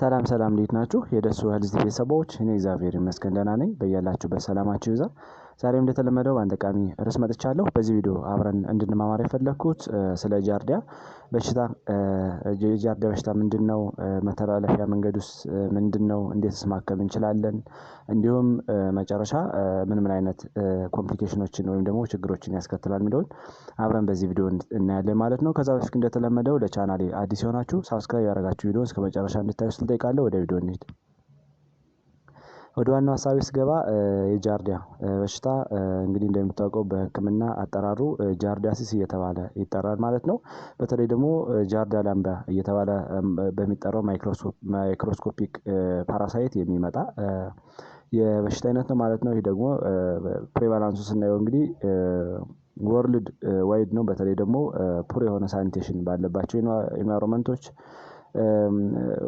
ሰላም ሰላም እንዴት ናችሁ የደሱ ሄልዝ ቤተሰቦች እኔ እግዚአብሔር ይመስገን ደህና ነኝ በያላችሁበት ሰላማችሁ ይዛ ዛሬም እንደተለመደው በአንድ ጠቃሚ ርዕስ መጥቻለሁ። በዚህ ቪዲዮ አብረን እንድንማማር የፈለግኩት ስለ ጃርዲያ በሽታ የጃርዲያ በሽታ ምንድን ነው? መተላለፊያ መንገዱስ ምንድን ነው? እንዴትስ ማከም እንችላለን? እንዲሁም መጨረሻ ምን ምን አይነት ኮምፕሊኬሽኖችን ወይም ደግሞ ችግሮችን ያስከትላል የሚለውን አብረን በዚህ ቪዲዮ እናያለን ማለት ነው። ከዛ በፊት እንደተለመደው ለቻናሌ አዲስ የሆናችሁ ሳብስክራይብ ያደረጋችሁ ቪዲዮ እስከ መጨረሻ እንድታዩ ስል ጠይቃለሁ። ወደ ቪዲዮ እንሂድ። ወደ ዋናው ሀሳቤ ስገባ የጃርዲያ በሽታ እንግዲህ እንደሚታወቀው በሕክምና አጠራሩ ጃርዲያሲስ እየተባለ ይጠራል ማለት ነው። በተለይ ደግሞ ጃርዲያ ላምባ እየተባለ በሚጠራው ማይክሮስኮፒክ ፓራሳይት የሚመጣ የበሽታ አይነት ነው ማለት ነው። ይህ ደግሞ ፕሬቫላንሱ ስናየው እንግዲህ ወርልድ ዋይድ ነው። በተለይ ደግሞ ፑር የሆነ ሳኒቴሽን ባለባቸው ኢንቫይሮመንቶች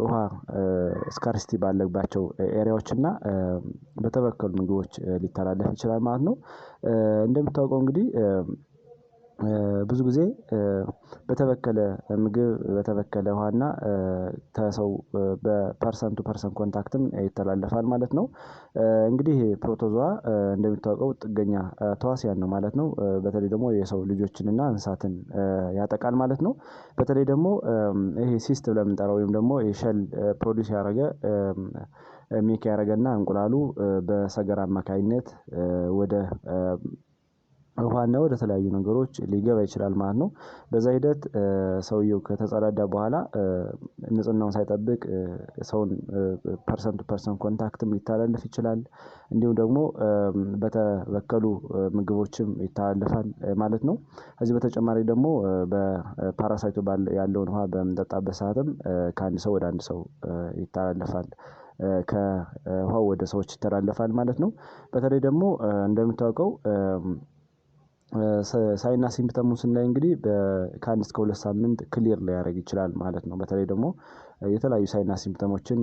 ውሃ ስካርሲቲ ባለባቸው ኤሪያዎች እና በተበከሉ ምግቦች ሊተላለፍ ይችላል ማለት ነው። እንደሚታወቀው እንግዲህ ብዙ ጊዜ በተበከለ ምግብ በተበከለ ውሃና ተሰው በፐርሰን ቱ ፐርሰን ኮንታክትም ይተላለፋል ማለት ነው። እንግዲህ ፕሮቶዛዋ እንደሚታወቀው ጥገኛ ተዋስያን ነው ማለት ነው። በተለይ ደግሞ የሰው ልጆችን እና እንስሳትን ያጠቃል ማለት ነው። በተለይ ደግሞ ይሄ ሲስት ብለን ወይም ደግሞ የሸል ፕሮዲስ ያደረገ ሜክ ያደረገና እንቁላሉ በሰገራ አማካኝነት ወደ ውሃና ወደ ተለያዩ ነገሮች ሊገባ ይችላል ማለት ነው። በዛ ሂደት ሰውየው ከተጸዳዳ በኋላ ንጽህናውን ሳይጠብቅ ሰውን ፐርሰንቱ ፐርሰንት ኮንታክትም ሊተላለፍ ይችላል። እንዲሁም ደግሞ በተበከሉ ምግቦችም ይተላለፋል ማለት ነው። ከዚህ በተጨማሪ ደግሞ በፓራሳይቱ ያለውን ውሃ በምንጠጣበት ሰዓትም ከአንድ ሰው ወደ አንድ ሰው ይተላለፋል። ከውሃው ወደ ሰዎች ይተላለፋል ማለት ነው። በተለይ ደግሞ እንደሚታወቀው ሳይና ሲምፕተሙን ስናይ እንግዲህ ከአንድ እስከ ሁለት ሳምንት ክሊር ሊያደረግ ይችላል ማለት ነው። በተለይ ደግሞ የተለያዩ ሳይና ሲምፕተሞችን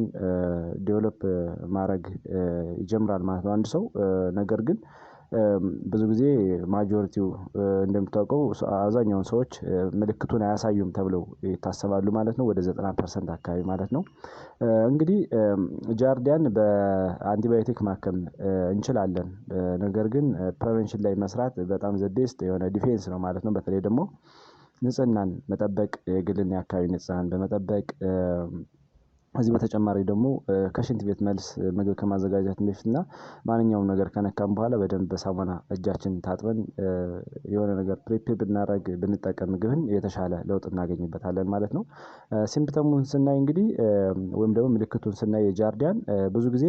ዴቨሎፕ ማድረግ ይጀምራል ማለት ነው። አንድ ሰው ነገር ግን ብዙ ጊዜ ማጆሪቲው እንደሚታወቀው አብዛኛውን ሰዎች ምልክቱን አያሳዩም ተብለው ይታሰባሉ ማለት ነው። ወደ ዘጠና ፐርሰንት አካባቢ ማለት ነው። እንግዲህ ጃርዲያን በአንቲባዮቲክ ማከም እንችላለን። ነገር ግን ፕሪቨንሽን ላይ መስራት በጣም ዘዴስት የሆነ ዲፌንስ ነው ማለት ነው። በተለይ ደግሞ ንጽህናን መጠበቅ የግልን የአካባቢ ንጽህናን በመጠበቅ ከዚህ በተጨማሪ ደግሞ ከሽንት ቤት መልስ ምግብ ከማዘጋጀት በፊትና ማንኛውም ነገር ከነካም በኋላ በደንብ በሳሙና እጃችንን ታጥበን የሆነ ነገር ፕሪፔ ብናደረግ ብንጠቀም ምግብን የተሻለ ለውጥ እናገኝበታለን ማለት ነው። ሲምፕተሙን ስናይ እንግዲህ ወይም ደግሞ ምልክቱን ስናይ የጃርዲያን ብዙ ጊዜ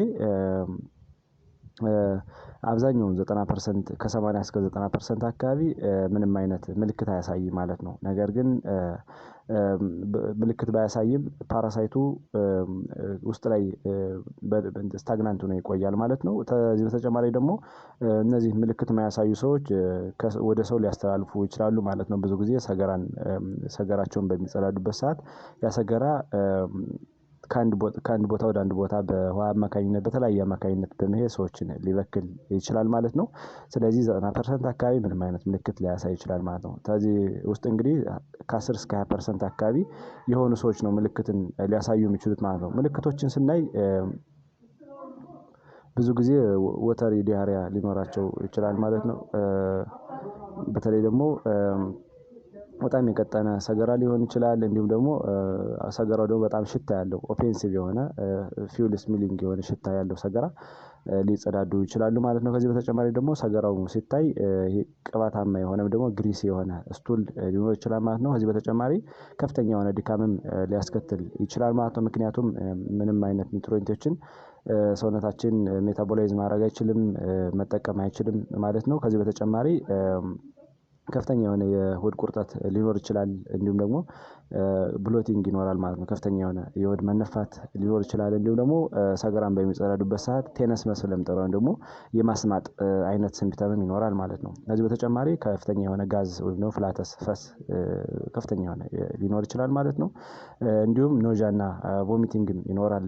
አብዛኛውን ዘጠና ፐርሰንት ከ80 እስከ ዘጠና ፐርሰንት አካባቢ ምንም አይነት ምልክት አያሳይም ማለት ነው። ነገር ግን ምልክት ባያሳይም ፓራሳይቱ ውስጥ ላይ ስታግናንት ሆኖ ይቆያል ማለት ነው። ከዚህ በተጨማሪ ደግሞ እነዚህ ምልክት የማያሳዩ ሰዎች ወደ ሰው ሊያስተላልፉ ይችላሉ ማለት ነው። ብዙ ጊዜ ሰገራን ሰገራቸውን በሚጸዳዱበት ሰዓት ያሰገራ። ከአንድ ቦታ ወደ አንድ ቦታ በውሃ አማካኝነት በተለያየ አማካኝነት በመሄድ ሰዎችን ሊበክል ይችላል ማለት ነው። ስለዚህ ዘጠና ፐርሰንት አካባቢ ምንም አይነት ምልክት ሊያሳይ ይችላል ማለት ነው። ከዚህ ውስጥ እንግዲህ ከአስር እስከ ሀያ ፐርሰንት አካባቢ የሆኑ ሰዎች ነው ምልክትን ሊያሳዩ የሚችሉት ማለት ነው። ምልክቶችን ስናይ ብዙ ጊዜ ወተሪ ዲያሪያ ሊኖራቸው ይችላል ማለት ነው። በተለይ ደግሞ በጣም የቀጠነ ሰገራ ሊሆን ይችላል። እንዲሁም ደግሞ ሰገራው ደግሞ በጣም ሽታ ያለው ኦፌንሲቭ የሆነ ፊውል ስሚሊንግ የሆነ ሽታ ያለው ሰገራ ሊጸዳዱ ይችላሉ ማለት ነው። ከዚህ በተጨማሪ ደግሞ ሰገራው ሲታይ ቅባታማ የሆነ ደግሞ ግሪስ የሆነ ስቱል ሊኖር ይችላል ማለት ነው። ከዚህ በተጨማሪ ከፍተኛ የሆነ ድካምም ሊያስከትል ይችላል ማለት ነው። ምክንያቱም ምንም አይነት ኒትሮንቶችን ሰውነታችን ሜታቦላይዝ ማድረግ አይችልም፣ መጠቀም አይችልም ማለት ነው። ከዚህ በተጨማሪ ከፍተኛ የሆነ የሆድ ቁርጠት ሊኖር ይችላል እንዲሁም ደግሞ ብሎቲንግ ይኖራል ማለት ነው። ከፍተኛ የሆነ የሆድ መነፋት ሊኖር ይችላል እንዲሁም ደግሞ ሰገራን በሚጸዳዱበት ሰዓት ቴነስ መስል ለምንጠራው ወይም ደግሞ የማስማጥ አይነት ሲምፕተምም ይኖራል ማለት ነው። ከዚህ በተጨማሪ ከፍተኛ የሆነ ጋዝ ወይም ደግሞ ፍላተስ ፈስ ከፍተኛ የሆነ ሊኖር ይችላል ማለት ነው። እንዲሁም ኖዣና ቮሚቲንግም ይኖራል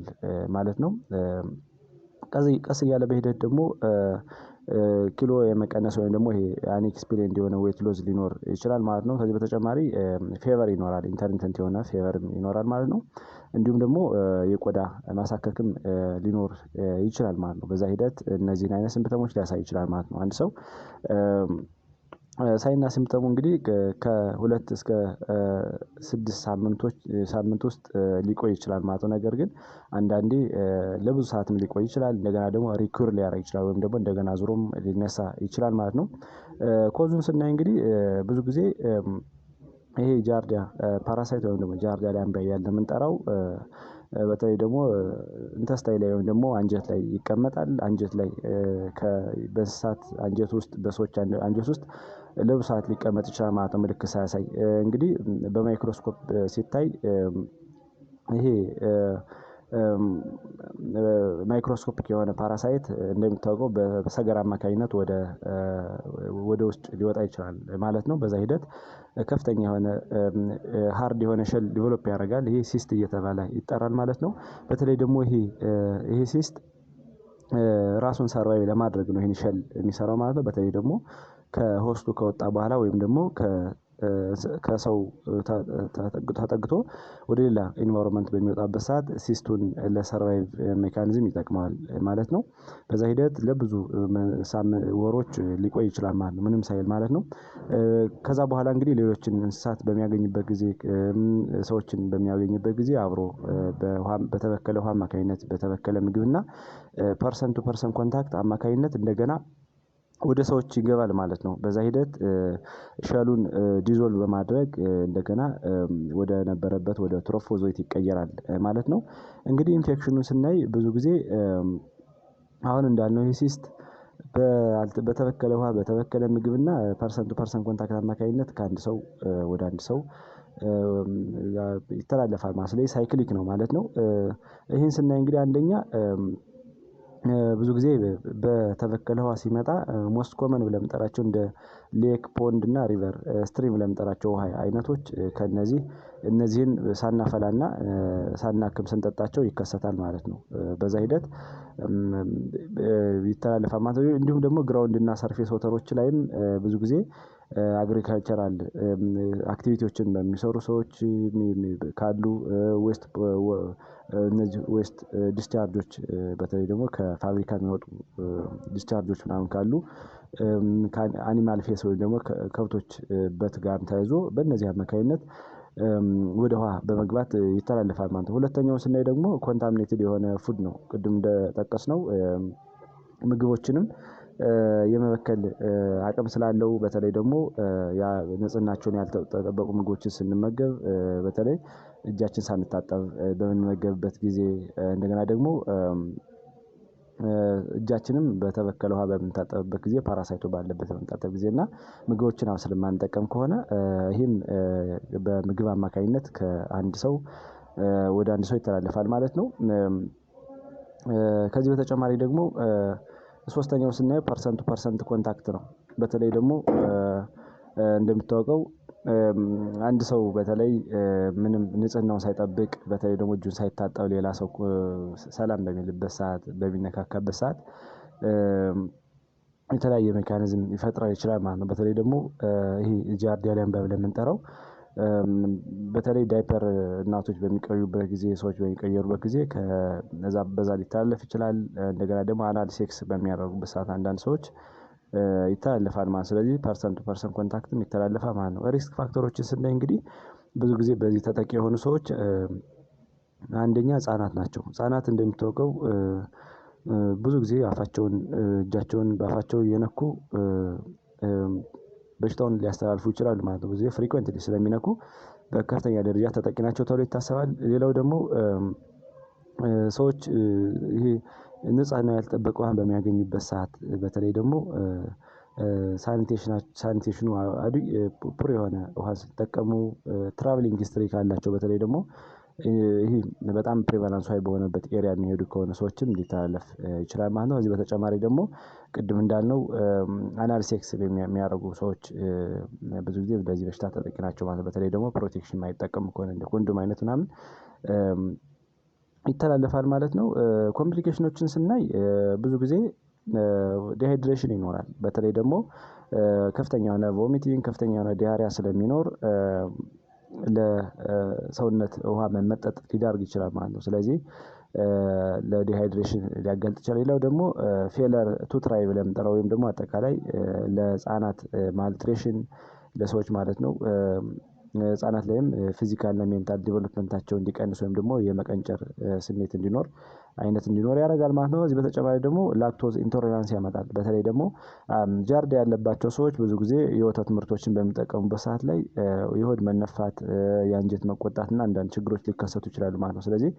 ማለት ነው። ቀስ እያለ በሂደት ደግሞ ኪሎ የመቀነስ ወይም ደግሞ ይሄ አንኤክስፒሪንድ የሆነ ዌት ሎዝ ሊኖር ይችላል ማለት ነው። ከዚህ በተጨማሪ ፌቨር ይኖራል፣ ኢንተርሚተንት የሆነ ፌቨር ይኖራል ማለት ነው። እንዲሁም ደግሞ የቆዳ ማሳከክም ሊኖር ይችላል ማለት ነው። በዛ ሂደት እነዚህን አይነት ስምፕተሞች ሊያሳይ ይችላል ማለት ነው አንድ ሰው ሳይና ሲምተሙ እንግዲህ ከሁለት እስከ ስድስት ሳምንት ውስጥ ሊቆይ ይችላል ማለት ነው። ነገር ግን አንዳንዴ ለብዙ ሰዓትም ሊቆይ ይችላል እንደገና ደግሞ ሪኩር ሊያደርግ ይችላል ወይም ደግሞ እንደገና ዙሮም ሊነሳ ይችላል ማለት ነው። ኮዙን ስናይ እንግዲህ ብዙ ጊዜ ይሄ ጃርዲያ ፓራሳይት ወይም ደግሞ ጃርዲያ ላምቢያ እያልን የምንጠራው በተለይ ደግሞ እንተስታይ ላይ ወይም ደግሞ አንጀት ላይ ይቀመጣል። አንጀት ላይ በእንስሳት አንጀት ውስጥ በሰዎች አንጀት ውስጥ ሰዓት ሊቀመጥ ይችላል ማለት ነው። ምልክት ሳያሳይ እንግዲህ በማይክሮስኮፕ ሲታይ ይሄ ማይክሮስኮፒክ የሆነ ፓራሳይት እንደሚታወቀው በሰገራ አማካኝነት ወደ ውስጥ ሊወጣ ይችላል ማለት ነው። በዛ ሂደት ከፍተኛ የሆነ ሀርድ የሆነ ሸል ዲቨሎፕ ያደርጋል። ይሄ ሲስት እየተባለ ይጠራል ማለት ነው። በተለይ ደግሞ ይሄ ሲስት ራሱን ሰርቫይቭ ለማድረግ ነው ይህን ሸል የሚሰራው ማለት ነው። በተለይ ደግሞ ከሆስቱ ከወጣ በኋላ ወይም ደግሞ ከሰው ተጠግቶ ወደ ሌላ ኢንቫይሮንመንት በሚወጣበት ሰዓት ሲስቱን ለሰርቫይቭ ሜካኒዝም ይጠቅመዋል ማለት ነው። በዛ ሂደት ለብዙ ወሮች ሊቆይ ይችላል ማለት ነው ምንም ሳይል ማለት ነው። ከዛ በኋላ እንግዲህ ሌሎችን እንስሳት በሚያገኝበት ጊዜ ሰዎችን በሚያገኝበት ጊዜ አብሮ በተበከለ ውሃ አማካኝነት በተበከለ ምግብና እና ፐርሰን ቱ ፐርሰን ኮንታክት አማካኝነት እንደገና ወደ ሰዎች ይገባል ማለት ነው። በዛ ሂደት ሸሉን ዲዞል በማድረግ እንደገና ወደ ነበረበት ወደ ትሮፎዞይት ይቀየራል ማለት ነው። እንግዲህ ኢንፌክሽኑን ስናይ ብዙ ጊዜ አሁን እንዳልነው ይህ ሲስት በተበከለ ውሃ በተበከለ ምግብና ፐርሰንቱ ፐርሰንት ኮንታክት አማካኝነት ከአንድ ሰው ወደ አንድ ሰው ይተላለፋል ማለት ሳይክሊክ ነው ማለት ነው። ይህን ስናይ እንግዲህ አንደኛ ብዙ ጊዜ በተበከለ ውሃ ሲመጣ ሞስት ኮመን ብለን የምንጠራቸው እንደ ሌክ ፖንድ እና ሪቨር ስትሪም ብለን የምንጠራቸው ውሃ አይነቶች ከነዚህ እነዚህን ሳናፈላ ና ሳናክም ስንጠጣቸው ይከሰታል ማለት ነው። በዛ ሂደት ይተላለፋል ማለት ነው። እንዲሁም ደግሞ ግራውንድ እና ሰርፌስ ወተሮች ላይም ብዙ ጊዜ አግሪካልቸራል አክቲቪቲዎችን በሚሰሩ ሰዎች ካሉ ዌስት እነዚህ ዌስት ዲስቻርጆች በተለይ ደግሞ ከፋብሪካ የሚወጡ ዲስቻርጆች ምናምን ካሉ አኒማል ፌስ ወይም ደግሞ ከብቶች በት ጋር ተያይዞ በእነዚህ አማካኝነት ወደ ውሃ በመግባት ይተላለፋል ማለት ነው። ሁለተኛውን ስናይ ደግሞ ኮንታሚኔትድ የሆነ ፉድ ነው። ቅድም ነው ምግቦችንም የመበከል አቅም ስላለው በተለይ ደግሞ ንጽህናቸውን ያልተጠበቁ ምግቦችን ስንመገብ በተለይ እጃችን ሳንታጠብ በምንመገብበት ጊዜ እንደገና ደግሞ እጃችንም በተበከለ ውሃ በምንታጠብበት ጊዜ ፓራሳይቶ ባለበት በምንታጠብ ጊዜ እና ምግቦችን አብስለን የማንጠቀም ከሆነ ይህም በምግብ አማካኝነት ከአንድ ሰው ወደ አንድ ሰው ይተላለፋል ማለት ነው። ከዚህ በተጨማሪ ደግሞ ሶስተኛው ስናየው ፐርሰንቱ ፐርሰንት ኮንታክት ነው። በተለይ ደግሞ እንደሚታወቀው አንድ ሰው በተለይ ምንም ንጽህናውን ሳይጠብቅ በተለይ ደግሞ እጁን ሳይታጠብ ሌላ ሰው ሰላም በሚልበት ሰዓት በሚነካካበት ሰዓት የተለያየ ሜካኒዝም ይፈጥራል ይችላል ማለት ነው። በተለይ ደግሞ ይሄ ጃርዲያላን በብለ የምንጠራው በተለይ ዳይፐር እናቶች በሚቀዩበት ጊዜ ሰዎች በሚቀየሩበት ጊዜ ከዛ በዛ ሊተላለፍ ይችላል። እንደገና ደግሞ አናል ሴክስ በሚያደርጉበት ሰዓት አንዳንድ ሰዎች ይተላለፋል ማለት ስለዚህ ፐርሰን ቱ ፐርሰን ኮንታክትም ይተላለፋል ማለት ነው። ሪስክ ፋክተሮችን ስናይ እንግዲህ ብዙ ጊዜ በዚህ ተጠቂ የሆኑ ሰዎች አንደኛ ህጻናት ናቸው። ህጻናት እንደሚታወቀው ብዙ ጊዜ አፋቸውን እጃቸውን በአፋቸው እየነኩ በሽታውን ሊያስተላልፉ ይችላሉ ማለት ነው። ብዙ ጊዜ ፍሪኩዌንትሊ ስለሚነኩ በከፍተኛ ደረጃ ተጠቂ ናቸው ተብሎ ይታሰባል። ሌላው ደግሞ ሰዎች ይሄ ንጽህናው ያልጠበቀ ውሃን በሚያገኙበት ሰዓት በተለይ ደግሞ ሳኒቴሽኑ አዱ ፑር የሆነ ውሃ ሲጠቀሙ ትራቭሊንግ ስትሪ ካላቸው በተለይ ደግሞ ይህ በጣም ፕሬቫላንስ ሃይ በሆነበት ኤሪያ የሚሄዱ ከሆነ ሰዎችም ሊተላለፍ ይችላል ማለት ነው። ከዚህ በተጨማሪ ደግሞ ቅድም እንዳልነው አናል ሴክስ የሚያደርጉ ሰዎች ብዙ ጊዜ በዚህ በሽታ ተጠቂ ናቸው ማለት ነው። በተለይ ደግሞ ፕሮቴክሽን የማይጠቀሙ ከሆነ እንደ ኮንዶም አይነት ምናምን ይተላለፋል ማለት ነው። ኮምፕሊኬሽኖችን ስናይ ብዙ ጊዜ ዲሃይድሬሽን ይኖራል። በተለይ ደግሞ ከፍተኛ የሆነ ቮሚቲንግ ከፍተኛ የሆነ ዲያሪያ ስለሚኖር ለሰውነት ውሃ መመጠጥ ሊዳርግ ይችላል ማለት ነው። ስለዚህ ለዲሃይድሬሽን ሊያጋልጥ ይችላል። ሌላው ደግሞ ፌለር ቱ ትራይ ብለን የምንጠራው ወይም ደግሞ አጠቃላይ ለህፃናት ማልትሬሽን ለሰዎች ማለት ነው ህጻናት ላይም ፊዚካልና ሜንታል ዲቨሎፕመንታቸው እንዲቀንስ ወይም ደግሞ የመቀንጨር ስሜት እንዲኖር አይነት እንዲኖር ያደርጋል ማለት ነው። እዚህ በተጨማሪ ደግሞ ላክቶዝ ኢንቶሌራንስ ያመጣል። በተለይ ደግሞ ጃርዳ ያለባቸው ሰዎች ብዙ ጊዜ የወተት ምርቶችን በሚጠቀሙበት ሰዓት ላይ የሆድ መነፋት፣ የአንጀት መቆጣትና አንዳንድ ችግሮች ሊከሰቱ ይችላሉ ማለት ነው። ስለዚህ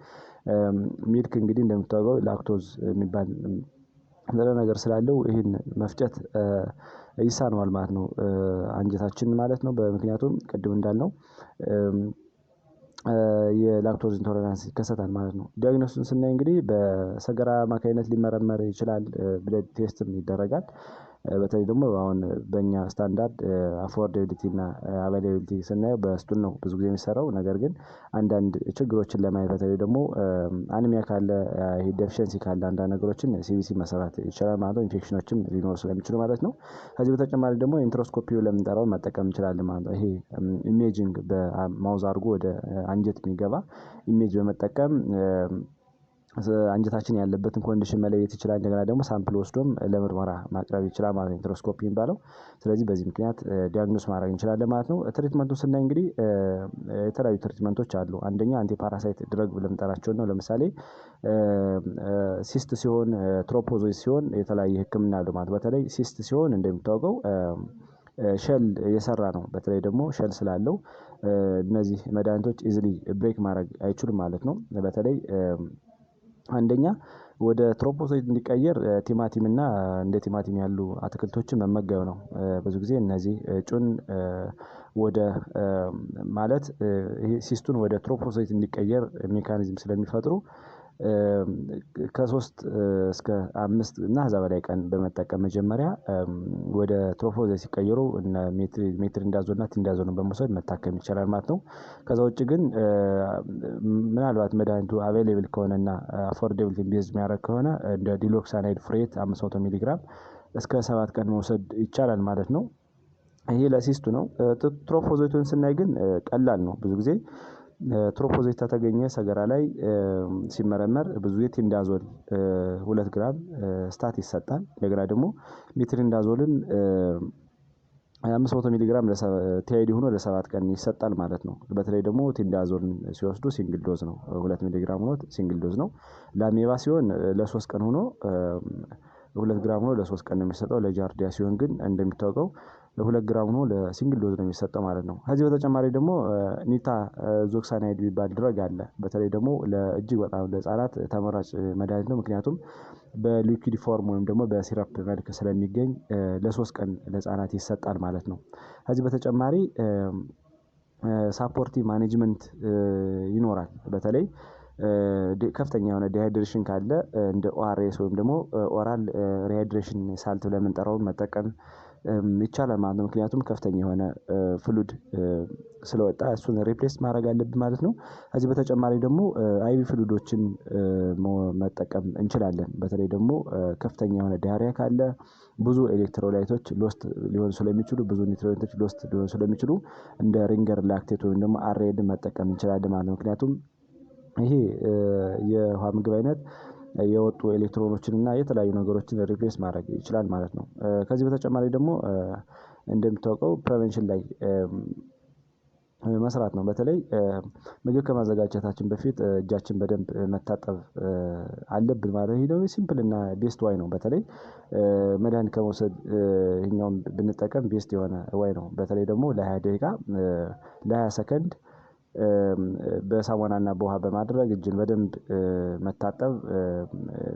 ሚልክ እንግዲህ እንደሚታወቀው ላክቶዝ የሚባል ንጥረ ነገር ስላለው ይህን መፍጨት ይሳነዋል ማለት ነው አንጀታችን ማለት ነው። በምክንያቱም ቅድም እንዳልነው የላክቶዝ ኢንቶለራንስ ይከሰታል ማለት ነው። ዳይግኖሱን ስናይ እንግዲህ በሰገራ አማካኝነት ሊመረመር ይችላል ብለድ ቴስትም ይደረጋል። በተለይ ደግሞ አሁን በእኛ ስታንዳርድ አፎርዴቢሊቲ እና አቫይላቢሊቲ ስናየው በስቱን ነው ብዙ ጊዜ የሚሰራው። ነገር ግን አንዳንድ ችግሮችን ለማየት በተለይ ደግሞ አንሚያ ካለ ይሄ ዴፊሸንሲ ካለ አንዳንድ ነገሮችን ሲቢሲ መሰራት ይችላል ማለት ነው። ኢንፌክሽኖችም ሊኖሩ ስለሚችሉ ማለት ነው። ከዚህ በተጨማሪ ደግሞ ኢንትሮስኮፒ ለምንጠራው መጠቀም እንችላለን ማለት ነው። ይሄ ኢሜጂንግ በማውዝ አድርጎ ወደ አንጀት የሚገባ ኢሜጅ በመጠቀም አንጀታችን ያለበትን ኮንዲሽን መለየት ይችላል። እንደገና ደግሞ ሳምፕል ወስዶም ለምርመራ ማቅረብ ይችላል ማለት ነው ኢንትሮስኮፒ የሚባለው። ስለዚህ በዚህ ምክንያት ዲያግኖስ ማድረግ እንችላለን ማለት ነው። ትሪትመንቱ ስናይ እንግዲህ የተለያዩ ትሪትመንቶች አሉ። አንደኛ አንቲ ፓራሳይት ድረግ ብለን ነው። ለምሳሌ ሲስት ሲሆን፣ ትሮፖዞይት ሲሆን የተለያየ ህክምና አለው ማለት በተለይ ሲስት ሲሆን እንደሚታወቀው ሸል የሰራ ነው። በተለይ ደግሞ ሸል ስላለው እነዚህ መድኃኒቶች ኢዝሊ ብሬክ ማድረግ አይችሉም ማለት ነው በተለይ አንደኛ ወደ ትሮፖሶይት እንዲቀየር ቲማቲም እና እንደ ቲማቲም ያሉ አትክልቶችን መመገብ ነው። ብዙ ጊዜ እነዚህ እጩን ወደ ማለት ሲስቱን ወደ ትሮፖሶይት እንዲቀየር ሜካኒዝም ስለሚፈጥሩ ከሶስት እስከ አምስት እና ከዛ በላይ ቀን በመጠቀም መጀመሪያ ወደ ትሮፎዝ ሲቀየሩ ሜትር እንዳዞ እንዳዞና ቲንዳዞን በመውሰድ መታከም ይቻላል ማለት ነው። ከዛ ውጭ ግን ምናልባት መድኃኒቱ አቬሌብል እና አፎርዴብል ቤዝ የሚያደርግ ከሆነ እንደ ዲሎክሳናይድ ፍሬት አምስት መቶ ሚሊግራም እስከ ሰባት ቀን መውሰድ ይቻላል ማለት ነው። ይሄ ለሲስቱ ነው። ትሮፎዞቱን ስናይ ግን ቀላል ነው ብዙ ጊዜ ትሮፖዞይት ተተገኘ ሰገራ ላይ ሲመረመር ብዙ የቲንዳዞል ሁለት ግራም ስታት ይሰጣል። እንደገና ደግሞ ሜትሪንዳዞልን አምስት መቶ ሚሊግራም ቲአይዲ ሆኖ ለሰባት ቀን ይሰጣል ማለት ነው። በተለይ ደግሞ ቲንዳዞን ሲወስዱ ሲንግል ዶዝ ነው። ሁለት ሚሊግራም ሆኖ ሲንግል ዶዝ ነው። ላሜባ ሲሆን ለሶስት ቀን ሆኖ ሁለት ግራም ሆኖ ለሶስት ቀን ነው የሚሰጠው። ለጃርዲያ ሲሆን ግን እንደሚታወቀው ሁለት ግራም ነው ለሲንግል ዶዝ ነው የሚሰጠ ማለት ነው። ከዚህ በተጨማሪ ደግሞ ኒታ ዞክሳናይድ የሚባል ድረግ አለ። በተለይ ደግሞ ለእጅግ በጣም ለህጻናት ተመራጭ መድኃኒት ነው። ምክንያቱም በሊኪድ ፎርም ወይም ደግሞ በሲረፕ መልክ ስለሚገኝ ለሶስት ቀን ለህጻናት ይሰጣል ማለት ነው። ከዚህ በተጨማሪ ሳፖርቲ ማኔጅመንት ይኖራል። በተለይ ከፍተኛ የሆነ ዲሃይድሬሽን ካለ እንደ ኦአርኤስ ወይም ደግሞ ኦራል ሪሃይድሬሽን ሳልት ለምንጠራውን መጠቀም ይቻላል ማለት ነው። ምክንያቱም ከፍተኛ የሆነ ፍሉድ ስለወጣ እሱን ሪፕሌስ ማድረግ አለብን ማለት ነው። ከዚህ በተጨማሪ ደግሞ አይቪ ፍሉዶችን መጠቀም እንችላለን። በተለይ ደግሞ ከፍተኛ የሆነ ዳያሪያ ካለ ብዙ ኤሌክትሮላይቶች ሎስት ሊሆን ስለሚችሉ ብዙ ኒትሮቶች ሎስት ሊሆን ስለሚችሉ እንደ ሪንገር ላክቴት ወይም ደግሞ አሬድ መጠቀም እንችላለን ማለት ነው። ምክንያቱም ይሄ የውሃ ምግብ አይነት የወጡ ኤሌክትሮኖችን እና የተለያዩ ነገሮችን ሪፕሌስ ማድረግ ይችላል ማለት ነው። ከዚህ በተጨማሪ ደግሞ እንደሚታወቀው ፕሬቨንሽን ላይ መስራት ነው። በተለይ ምግብ ከማዘጋጀታችን በፊት እጃችን በደንብ መታጠብ አለብን ማለት ይሄ ሲምፕል እና ቤስት ዋይ ነው። በተለይ መድኃኒት ከመውሰድ ይሄኛውን ብንጠቀም ቤስት የሆነ ዋይ ነው። በተለይ ደግሞ ለሀያ ደቂቃ ለሀያ ሰከንድ በሳሙናና በውሃ በማድረግ እጅን በደንብ መታጠብ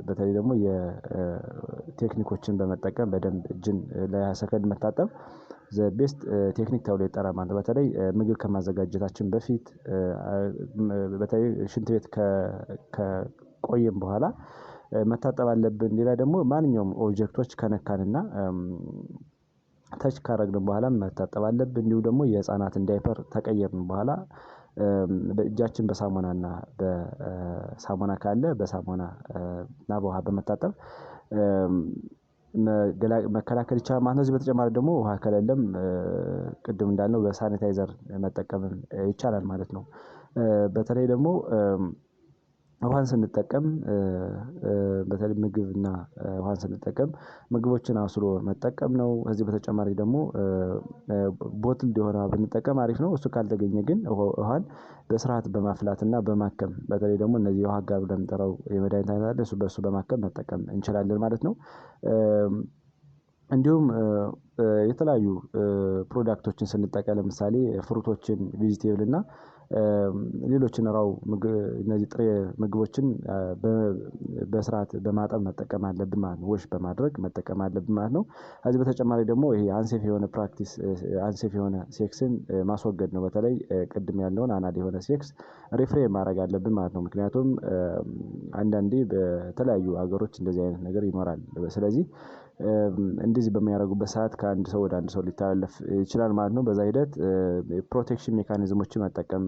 በተለይ ደግሞ የቴክኒኮችን በመጠቀም በደንብ እጅን ለሃያ መታጠብ ቤስት ቴክኒክ ተብሎ ይጠራል ማለት በተለይ ምግብ ከማዘጋጀታችን በፊት በተለይ ሽንት ቤት ከቆየን በኋላ መታጠብ አለብን። ሌላ ደግሞ ማንኛውም ኦብጀክቶች ከነካንና ተች ካረግን በኋላ መታጠብ አለብን። እንዲሁ ደግሞ የህፃናትን ዳይፐር ተቀየርን በኋላ በእጃችን በሳሙናና በሳሙና ካለ በሳሙና እና በውሃ በመታጠብ መከላከል ይቻላል ማለት ነው። ከዚህ በተጨማሪ ደግሞ ውሃ ከሌለም ቅድም እንዳልነው በሳኒታይዘር መጠቀምም ይቻላል ማለት ነው። በተለይ ደግሞ ውሃን ስንጠቀም በተለይ ምግብ እና ውሃን ስንጠቀም ምግቦችን አስሎ መጠቀም ነው። ከዚህ በተጨማሪ ደግሞ ቦትል የሆነ ብንጠቀም አሪፍ ነው። እሱ ካልተገኘ ግን ውሃን በስርዓት በማፍላትና በማከም በተለይ ደግሞ እነዚህ የውሃ ጋር ብለን የምንጠራው አይነት አለ እሱ በሱ በማከም መጠቀም እንችላለን ማለት ነው። እንዲሁም የተለያዩ ፕሮዳክቶችን ስንጠቀም ለምሳሌ ፍሩቶችን ቪጂቴብል እና ሌሎችን ራው እነዚህ ጥሬ ምግቦችን በስርዓት በማጠብ መጠቀም አለብን ማለት ነው። ወሽ በማድረግ መጠቀም አለብን ማለት ነው። ከዚህ በተጨማሪ ደግሞ ይሄ አንሴፍ የሆነ ፕራክቲስ አንሴፍ የሆነ ሴክስን ማስወገድ ነው። በተለይ ቅድም ያለውን አናድ የሆነ ሴክስ ሪፍሬ ማድረግ አለብን ማለት ነው። ምክንያቱም አንዳንዴ በተለያዩ ሀገሮች እንደዚህ አይነት ነገር ይኖራል። ስለዚህ እንደዚህ በሚያደርጉበት ሰዓት ከአንድ ሰው ወደ አንድ ሰው ሊተላለፍ ይችላል ማለት ነው። በዛ ሂደት ፕሮቴክሽን ሜካኒዝሞችን መጠቀም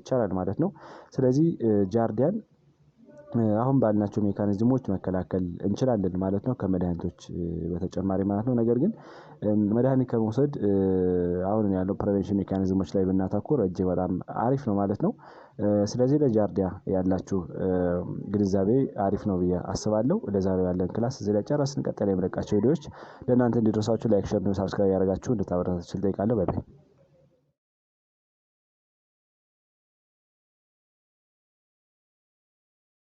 ይቻላል ማለት ነው። ስለዚህ ጃርዲያን አሁን ባልናቸው ሜካኒዝሞች መከላከል እንችላለን ማለት ነው። ከመድኃኒቶች በተጨማሪ ማለት ነው። ነገር ግን መድሃኒት ከመውሰድ አሁን ያለው ፕሬቨንሽን ሜካኒዝሞች ላይ ብናተኩር እጅግ በጣም አሪፍ ነው ማለት ነው ስለዚህ ለጃርዲያ ያላችሁ ግንዛቤ አሪፍ ነው ብዬ አስባለሁ። ለዛሬው ያለን ክላስ እዚህ ላይ ጨረስን። ቀጠለ የምለቃቸው ቪዲዮዎች ለእናንተ እንዲደርሳችሁ ላይክ፣ ሸር፣ ሳብስክራይብ ያደረጋችሁ እንድታበረታችሁ እጠይቃለሁ። ባይ ባይ።